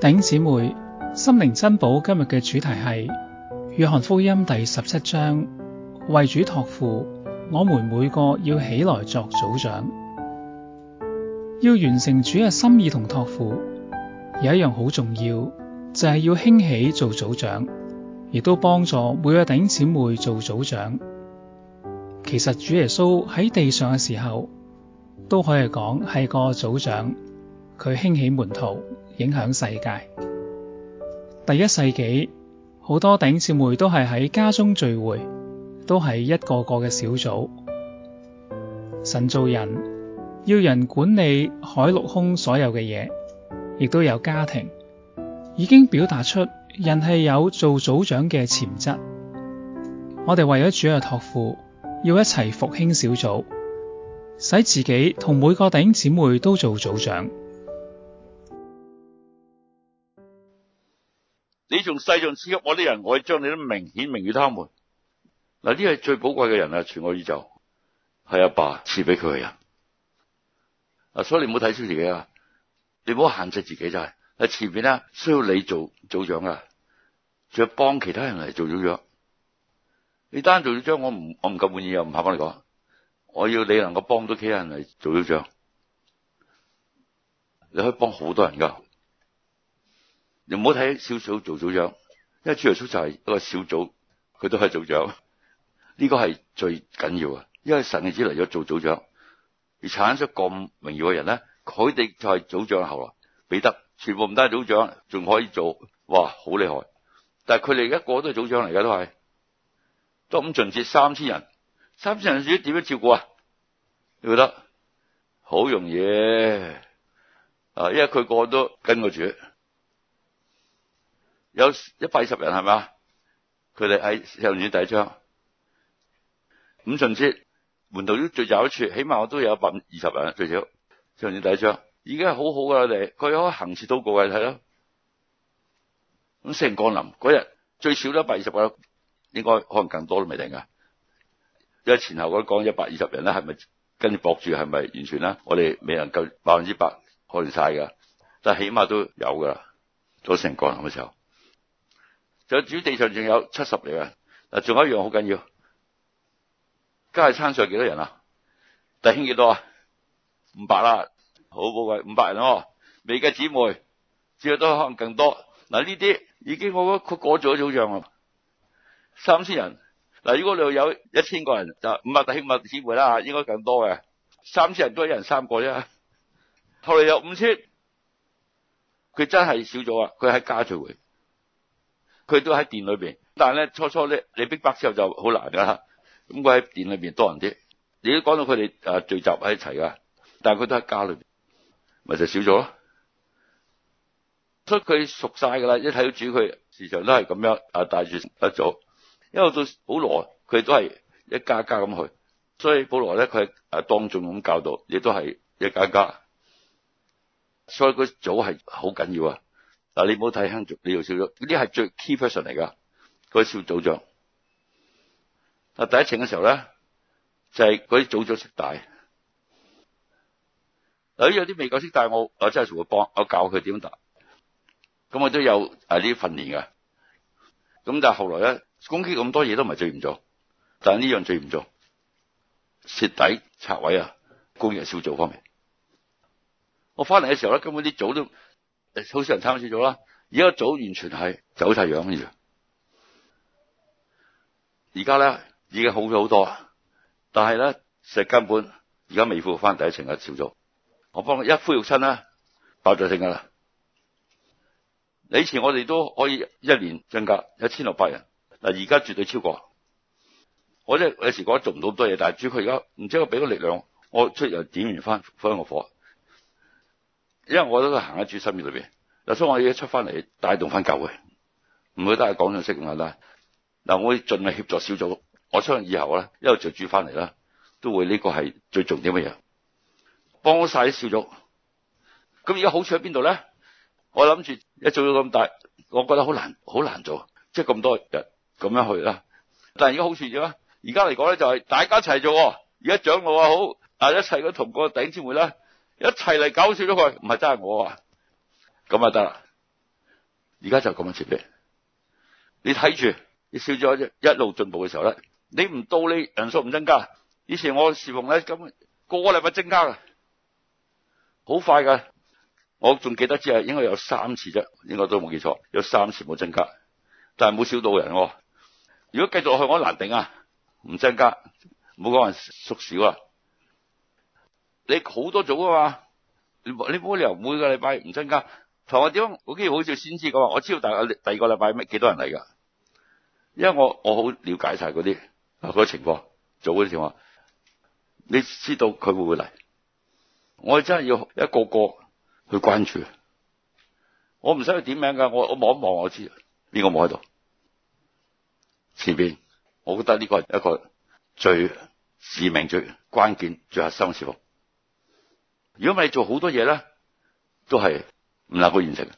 弟姊妹，心靈珍寶今日嘅主題係約翰福音第十七章，為主託付，我們每個要起來作組長，要完成主嘅心意同託付。有一樣好重要，就係、是、要興起做組長，亦都幫助每個弟姊妹做組長。其實主耶穌喺地上嘅時候，都可以講係個組長。佢興起門徒，影響世界。第一世紀，好多弟兄姊妹都係喺家中聚會，都係一個個嘅小組。神造人，要人管理海陸空所有嘅嘢，亦都有家庭，已經表達出人係有做組長嘅潛質。我哋為咗主嘅託付，要一齊復興小組，使自己同每個弟兄姊妹都做組長。你從世上賜給我啲人，我已將你的名顯明與他們。嗱，呢個係最寶貴嘅人啊！全我宇宙係阿爸賜俾佢嘅人。啊，所以你唔好睇小自己啊！你唔好限制自己就係。啊，前面咧需要你做組長啊，仲要幫其他人嚟做組長。你單做組長，我唔我唔夠滿意又唔肯幫你講，我要你能夠幫到其他人嚟做組長。你可以幫好多人㗎。你唔好睇小組做組長，因為主耶穌就係一個小組，佢都係組長。呢個係最緊要啊！因為神子嚟咗做組長，而產出咁榮耀嘅人呢，佢哋就係組，組長。後來彼得全部唔單係組長，仲可以做，嘩，好厲害！但係佢哋而家個都係組長嚟嘅，都係都咁盡節三千人，三千人自己點樣照顧呀、啊？你覺得好容易啊？因為佢個個都跟個住。有一百二十人係咪？佢哋喺上年第一章五旬節門徒最有一處，起碼我都有一百二十人最少，上年第一章已經係好好噶啦。我哋佢可以行至到各位睇啦。咁聖降臨嗰日最少都一百二十個人，應該可能更多都未定噶。因為前後我都講一百二十人啦，係咪跟住博住係咪完全啦？我哋未能夠百分之百看晒噶，但係起碼都有噶啦。咗聖降臨嘅時候。就主地上仲有七十嚟嗱，仲有一樣好緊要，家係餐上幾多人啊？弟兄幾多啊？五百啦，好寶貴，五百人喎，啊。未嘅姊妹，只要都可能更多。嗱，呢啲已經我覺得過咗咗組長啊，三千人。嗱，如果你有一千個人，就五百弟兄五百姊妹啦，應該更多嘅，三千人都一人三個啫。後嚟有五千，佢真係少咗啊！佢喺家聚會。佢都喺殿裏邊，但係咧，初初咧你逼迫之後就好難噶。咁佢喺殿裏邊多人啲，你都講到佢哋啊聚集喺一齊噶，但係佢都喺家裏邊，咪就少咗。所以佢熟晒噶啦，一睇到主佢時常都係咁樣啊帶住一組，因為到保羅佢都係一家家咁去，所以保羅咧佢係啊當眾咁教導，亦都係一家家，所以佢組係好緊要啊。你唔好睇香族，你又少咗，呢啲係最 key person 嚟㗎，嗰啲小組長。第一程嘅時候咧，就係嗰啲組長識帶，有啲未夠識帶，我我真係同佢幫，我教佢點帶。咁我都有呢啲、啊、訓練㗎。咁但係後來咧，攻擊咁多嘢都唔係最嚴重，但係呢樣最嚴重，徹底拆位啊，攻弱小組方面。我翻嚟嘅時候咧，根本啲組都～好少人參加小組啦，而家個組完全係走晒樣啦，而家咧已經好咗好多，但係咧石根本而家未恢復翻第一程嘅小組，我幫佢一灰玉親啦爆咗性架啦，以前我哋都可以一年增加一千六百人，嗱，而家絕對超過，我即係有時覺得做唔到咁多嘢，但係主要佢而家唔知我俾個力量，我出又點完翻翻個火。因為我都係行喺主心意裏邊，所以我而家出翻嚟帶動翻教會，唔會都係講信息咁簡單。嗱，我會盡力協助小組。我相信以後咧，一路就住翻嚟啦，都會呢、呢個係最重點嘅嘢，幫晒啲小組。咁而家好處喺邊度咧？我諗住一做到咁大，我覺得好難，好難做，即係咁多人咁樣去啦。但係而家好處點啊？而家嚟講咧，就係大家一齊做。而家長老啊好，但係一切都同個弟兄姊妹啦。一齊嚟搞笑咗佢，唔係真係我啊！咁啊得啦，而家就咁樣設備，你睇住，你笑咗一路進步嘅時候咧，你唔到你人數唔增加。以前我侍奉咧，根本個個禮拜增加啊，好快噶，我仲記得只係應該有三次啫，應該都冇記錯，有三次冇增加，但係冇少到人喎、啊。如果繼續去，我難頂啊！唔增加，唔好講人縮少啊！你好多組啊嘛！你冇理由每個禮拜唔增加。同我點樣好似好少，先知講話，我知道第第二個禮拜咩幾多人嚟㗎？因為我我好了解晒嗰啲嗰情況，組嗰啲情況，你知道佢會唔會嚟？我真係要一個個去關注。我唔使去點名㗎，我我望一望我知邊個冇喺度。前面，我覺得呢個係一個最致命、最關鍵、最核心嘅事務。如果咪做好多嘢咧，都係唔能夠完成。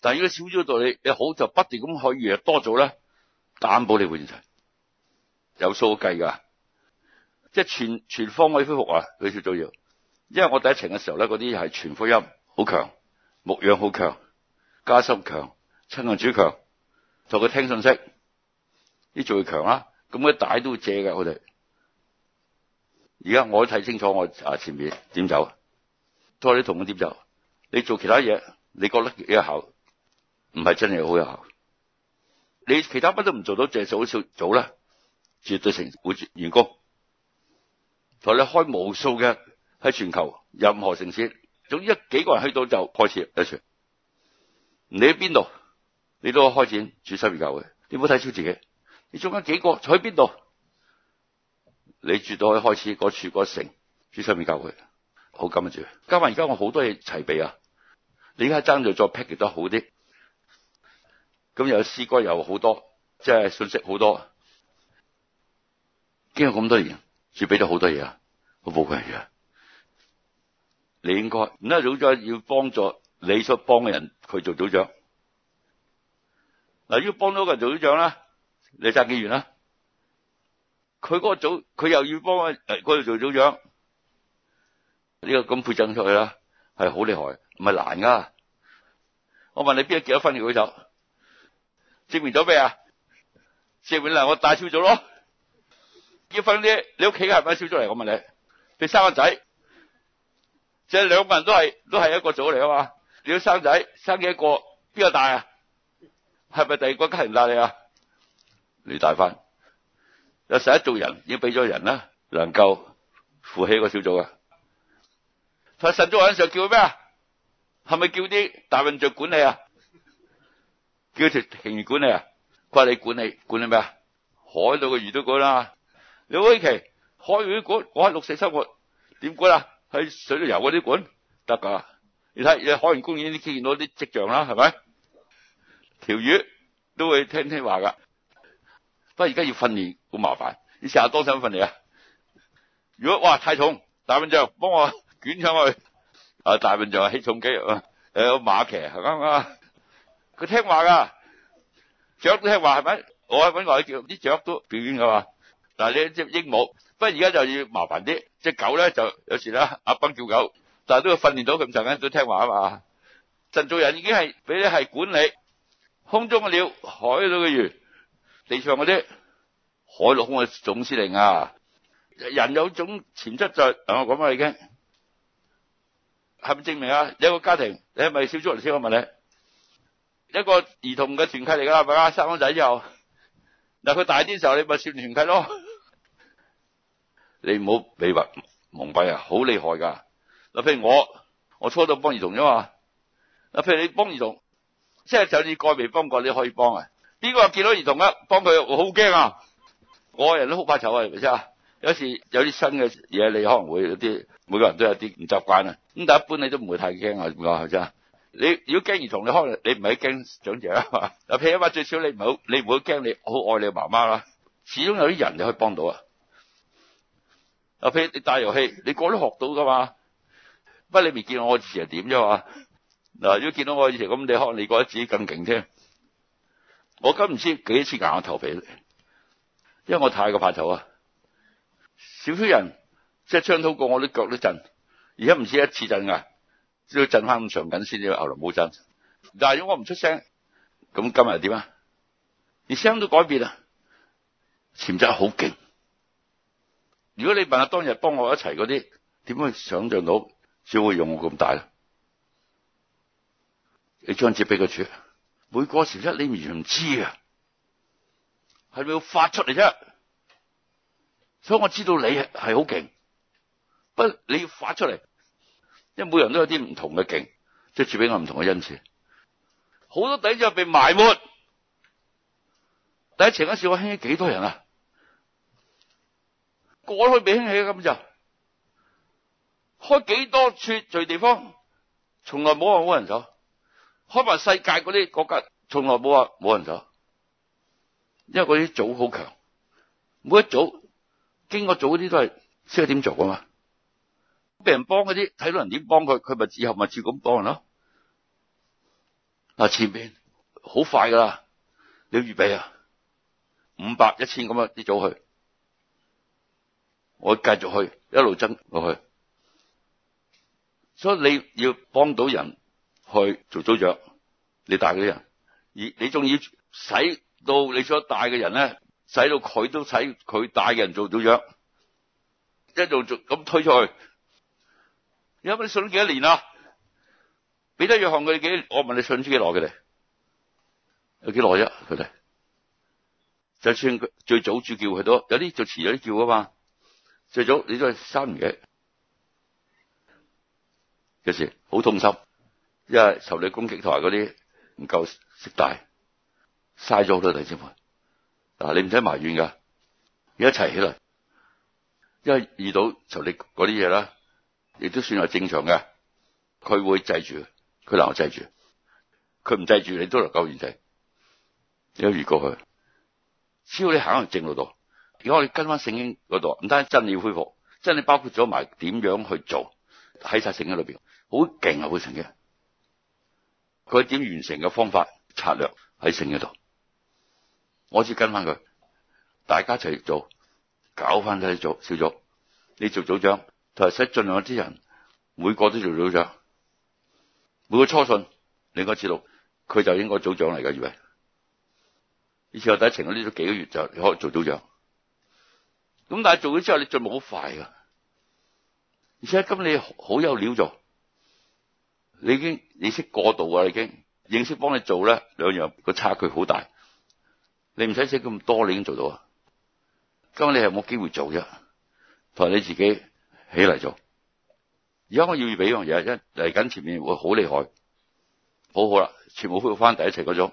但係如果少咗道理，你好就不斷咁去越多做咧，擔保你會完成，有數計噶。即係全全方位恢復啊！佢少咗要，因為我第一程嘅時候咧，嗰啲係全福音好強，牧養好強，加心強，親愛主強，同佢聽信息，你做會強啦。咁佢帶都借㗎，我哋。而家我都睇清楚，我啊前面點走，拖你同我點走。你做其他嘢，你覺得有效，唔係真係好有效。你其他乜都唔做到，借組組長咧，絕對成會員工。同你開無數嘅喺全球任何城市，總之一幾個人去到就開始入傳。你喺邊度，你都開展主審別教會。你唔好睇超自己，你中間幾個坐喺邊度？你絕對可以開始嗰處嗰城住上面教佢。好禁、啊、住在。加埋而家我好多嘢齊備啊！你而家爭在再 pack 亦都好啲。咁有詩歌，又好多，即係信息好多。經過咁多年，主俾咗好多嘢，啊，我冇嘅嘢。你應該，因為老早要幫助你所幫嘅人，佢做組長。嗱，要幫到人做組長啦，你爭幾遠啦？佢嗰個組，佢又要幫我嗰度做組長，呢個咁配增出去啦，係好厲害，唔係難噶。我問你邊個結咗婚嘅舉手？證明咗咩啊？證明嗱我大超早組咯，結婚啲你屋企係咪小組嚟？我問你，你生個仔，即係兩個人都係都係一個組嚟啊嘛？你要生仔生幾多個？邊個大啊？係咪第二個家唔打你啊？你大翻。有十一組人，已經俾咗人啦，能夠扶起個小組啊！佢話神族喺上叫咩啊？係咪叫啲大運作管理啊？叫條魚管理啊？管理管理管理咩啊？海度嘅魚都管啦。你話起期海裏嗰嗰塊六四生活點管啊？喺水度游嗰啲管得噶？你睇你海洋公園啲見到啲跡象啦，係咪？條魚都會聽聽話噶。不過而家要訓練好麻煩，你試下多想訓練啊？如果哇太重，大笨象幫我捲上去啊！大笨象起重機啊，誒，馬騎係啱唔啱啊？佢聽話噶，雀都聽話係咪？我搵我啲雀都表演噶嘛。但係你隻鸚鵡，不過而家就要麻煩啲。隻狗咧就有時啦，阿崩叫狗，但係都要訓練到咁陣間都聽話啊嘛。神造人已經係俾你係管理，空中嘅鳥，海度嘅魚。地上嗰啲海陸空嘅總司令啊，人有種潛質就，等我講翻你聽，係咪證明啊，有個家庭，你係咪少咗人先？我問你，一個兒童嘅團契嚟噶，咪啊生咗仔之後，嗱佢大啲時候你咪少團契咯。你唔好俾物蒙蔽啊，好厲害噶。嗱，譬如我，我初度幫兒童啫嘛。嗱，譬如你幫兒童，即係就算過未幫過，你可以幫啊。邊個話見到兒童啊？幫佢好驚啊！我人都好怕醜啊，係咪先啊？有時有啲新嘅嘢，你可能會有啲，每個人都有啲唔習慣啊。咁但一般你都唔會太驚啊，點講係咪先啊？你如果驚兒童，你可能你唔係驚長者啊嘛。又譬如話最少你唔好，你唔會驚，你好愛你媽媽啦。始終有啲人就可以幫到啊。又譬如你打遊戲，你個都學到噶嘛？不過你未見到我以前係點啫嘛？嗱、啊，如果見到我以前咁，那你可能你覺得自己更勁添。我今唔知幾多次硬我頭皮，因為我太過怕醜啊！少少人即係槍筒過我啲腳都震，而家唔止一次震噶，都要震翻咁長緊先至，後來冇震。但係如果我唔出聲，咁今日係點啊？你聲都改變喇！潛質好勁。如果你問下當日幫我一齊嗰啲，點會想像到小會用我咁大咧？你張紙俾佢住。每個時刻你完全唔知呀，係咪要發出嚟啫？所以我知道你係好勁，不過你要發出嚟，因為每人都有啲唔同嘅勁，即係住俾我唔同嘅恩賜。好多底子被埋沒，第一程嗰時我興起幾多人啊？過去未興起咁就開幾多處聚地方，從來冇話冇人走。開化世界嗰啲國家從來冇話冇人走，因為嗰啲組好強，每一組經過組嗰啲都係識得點做噶嘛，俾人幫嗰啲睇到人點幫佢，佢咪自後勿住咁幫人咯。嗱，前面好快噶啦，你要預備啊，五百、一千咁樣啲組去，我繼續去，一路增落去，所以你要幫到人。去做組長，你帶嗰啲人，而你仲要使到你所帶嘅人咧，使到佢都使佢帶嘅人做組長，一路做咁推出去。而家你信咗幾多年啦，啊？俾得約翰佢幾年？我問你信咗幾耐佢哋？有幾耐啫？佢哋就算佢最早就叫佢都，有啲就遲咗啲叫啊嘛。最早你都係三年幾，幾時？好痛心。因為受理攻擊台嗰啲唔夠識大，嘥咗好多弟兄姊妹嗱。你唔使埋怨㗎，一齊起，起嚟，因為遇到受理嗰啲嘢啦，亦都算係正常嘅。佢會制住，佢能夠制住，佢唔制住你都能夠完成。一月過去，只要你行向正路度，如果我哋跟翻聖經嗰度，唔單真理恢復，真理包括咗埋點樣去做喺晒聖經裏邊，好勁啊！好神嘅。佢點完成嘅方法、策略喺成嗰度，我先跟翻佢，大家一齊做，搞翻都去做，小組，你做組長，同埋使盡量啲人，每個都做組長，每個初信，你應該知道，佢就應該組長嚟噶，預備以為，以前我第一程我呢度幾個月就你可以做組長，咁但係做咗之後你進步好快噶，而且今天你好有料做。你已經認識過度啊！你已經認識幫你做咧，兩樣個差距好大。你唔使寫咁多，你已經做到啊！今日你係冇機會做啫，同埋你自己起嚟做。而家我要俾樣嘢，因為嚟緊前面會好厲害，好好啦，全部恢復翻第一齊種。